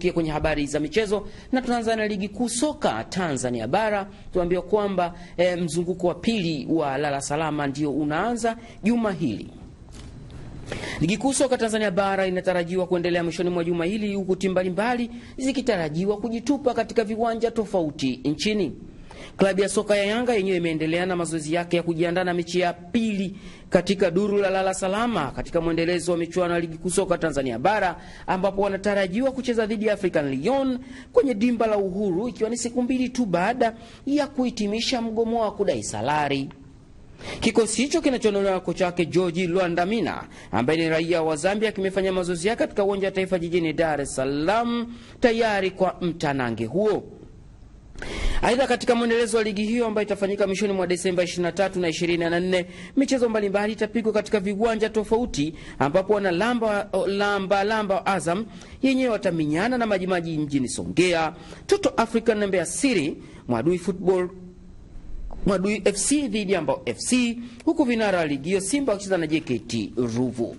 Pia kwenye habari za michezo na tunaanza na ligi kuu soka Tanzania bara, tuambiwa kwamba e, mzunguko wa pili wa lala salama ndio unaanza juma hili. Ligi kuu soka Tanzania bara inatarajiwa kuendelea mwishoni mwa juma hili, huku timu mbalimbali zikitarajiwa kujitupa katika viwanja tofauti nchini. Klabu ya soka ya Yanga yenyewe imeendelea na mazoezi yake ya kujiandaa na mechi ya pili katika duru la lala salama katika mwendelezo wa michuano ya ligi kuu soka Tanzania bara ambapo wanatarajiwa kucheza dhidi ya African Lyon kwenye dimba la Uhuru ikiwa ni siku mbili tu baada ya kuhitimisha mgomo wa kudai salari. Kikosi hicho kinachoondolewa na kocha wake George Luandamina ambaye ni raia wa Zambia kimefanya mazoezi yake katika uwanja wa taifa jijini Dar es Salaam tayari kwa mtanange huo. Aidha, katika mwendelezo wa ligi hiyo ambayo itafanyika mwishoni mwa Desemba 23 na 24, michezo mbalimbali itapigwa katika viwanja tofauti, ambapo wanalamba lamba lamba Azam yenyewe wataminyana na Majimaji mjini Songea, Toto African na Mbeya City, Mwadui Football Mwadui FC dhidi ya Mbao FC, huku vinara wa ligi hiyo Simba wakicheza na JKT Ruvu.